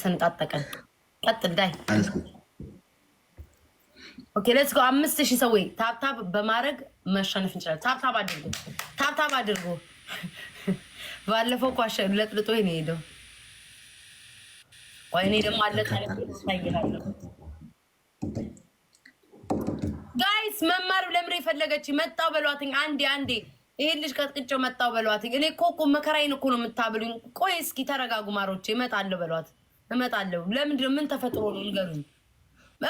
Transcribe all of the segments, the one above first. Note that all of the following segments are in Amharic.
ተሰነጣጠቀን። ቀጥል ዳይ ኦኬ ሌትስ ጎ። አምስት ሺህ ሰው ታብታብ በማድረግ መሸነፍ እንችላለን። ታብታብ አድርጎ ታብታብ አድርጎ። ባለፈው ኳሸ ለጥልጦ ነው ሄደው። ቆይ እኔ ደግሞ አለ ጋይስ መማር ለምሬ የፈለገች መጣው በሏትኝ። አንዴ አንዴ ይሄን ልጅ ቀጥቅጬው መጣው በሏትኝ። እኔ እኮ እኮ መከራዬን እኮ ነው የምታብሉኝ። ቆይ እስኪ ተረጋጉ ማሮቼ፣ እመጣለሁ በሏት። እመጣለሁ። ለምንድን ነው ምን ተፈጥሮ ነው ንገሩኝ።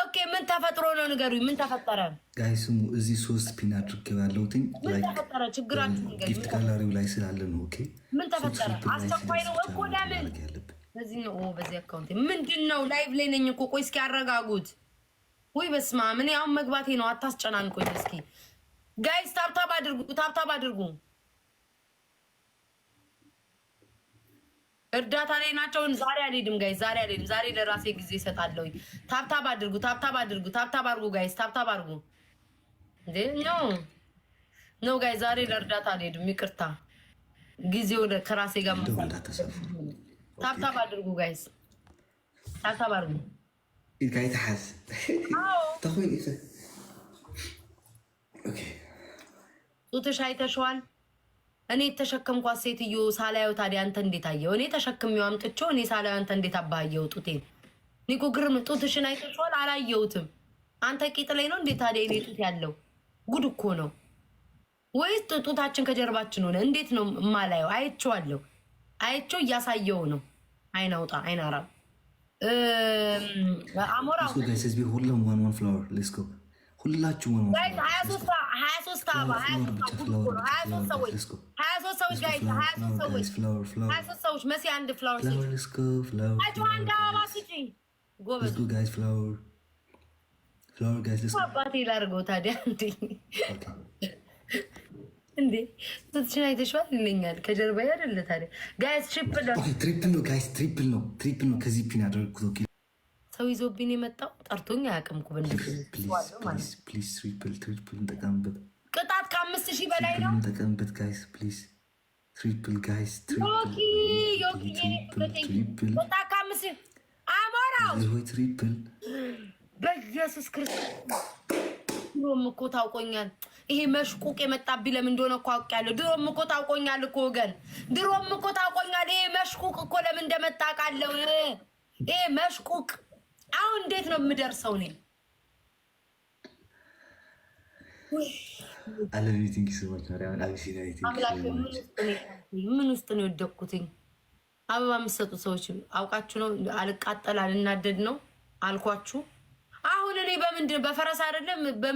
ኦኬ ምን ተፈጥሮ ነው ንገሩኝ። ምን ተፈጠረ? ጋይ ስሙ እዚህ ሶስት ፒን ምን ተፈጠረ? ችግራችሁ ንገሩኝ። ጊፍት ጋላሪው ላይ ስላለ ነው። ኦኬ ምን ተፈጠረ? አስቸኳይ ነው እኮ ለምን በዚህ ነው በዚህ አካውንት ምንድን ነው? ላይቭ ላይ ነኝ እኮ። ቆይ እስኪ ውይ በስመ አብ! እኔ አሁን መግባቴ ነው። አታስጨናንቆኝ። እስኪ ጋይስ ታብታብ አድርጉ፣ ታብታብ አድርጉ። እርዳታ ላይ ናቸውን። ዛሬ አልሄድም ጋይ፣ ዛሬ አልሄድም። ዛሬ ለራሴ ጊዜ ይሰጣለሁኝ። ታብታብ አድርጉ፣ ታብታብ አድርጉ፣ ታብታብ አድርጉ ጋይስ፣ ታብታብ አድርጉ። እንዴ ነው ነው ጋይስ፣ ዛሬ ለእርዳታ አልሄድም። ይቅርታ፣ ጊዜው ከራሴ ጋር ታብታብ አድርጉ ጋይስ፣ ታብታብ አድርጉ። ይትሓዝ ተኮይ ጡትሽ አይተሸዋል። እኔ የተሸከምኳት ሴትዮ ሳላየው ታዲያ አንተ እንዴት አየው? እኔ ተሸክሜው አምጥቼው እኔ ሳላየው አንተ እንዴት አባየው? ጡቴን ኒኮ ግርም ጡትሽን አይተሽዋል? አላየሁትም። አንተ ቂጥ ላይ ነው እንዴት ታዲያ እኔ ጡት ያለው? ጉድ እኮ ነው። ወይስ ጡታችን ከጀርባችን ሆነ? እንዴት ነው ማላየው? አይቼዋለሁ። አይቼው እያሳየው ነው። አይናውጣ አይናራ አሞራ ሁላችሁ ጋይስ ትሪፕል ነው። ትሪፕል ነው። ትሪፕል ነው። ከዚህ ፒን ያደረግኩት ሰው ይዞብኝ የመጣው ጠርቶኝ አያውቅም። ቅጣት ከአምስት ሺህ በላይ ነው። ተቀምበት ጋይስ ፕሊዝ ትሪፕል ጋይስ አሞራው ትሪፕል በኢየሱስ ክርስቶስ ድሮም እኮ ታውቆኛል። ይሄ መሽቁቅ የመጣብኝ ለምን እንደሆነ እኮ አውቄያለሁ። ድሮም እኮ ታውቆኛል እኮ ወገን፣ ድሮም እኮ ታውቆኛል። ይሄ መሽቁቅ እኮ ለምን እንደመጣ አውቃለሁ። ይሄ መሽቁቅ አሁን እንዴት ነው የምደርሰው? እኔ ምን ውስጥ ነው የወደኩትኝ? አበባ የምትሰጡ ሰዎች አውቃችሁ ነው። አልቃጠል አልናደድ ነው አልኳችሁ። አሁን እኔ በምንድን በፈረስ አይደለም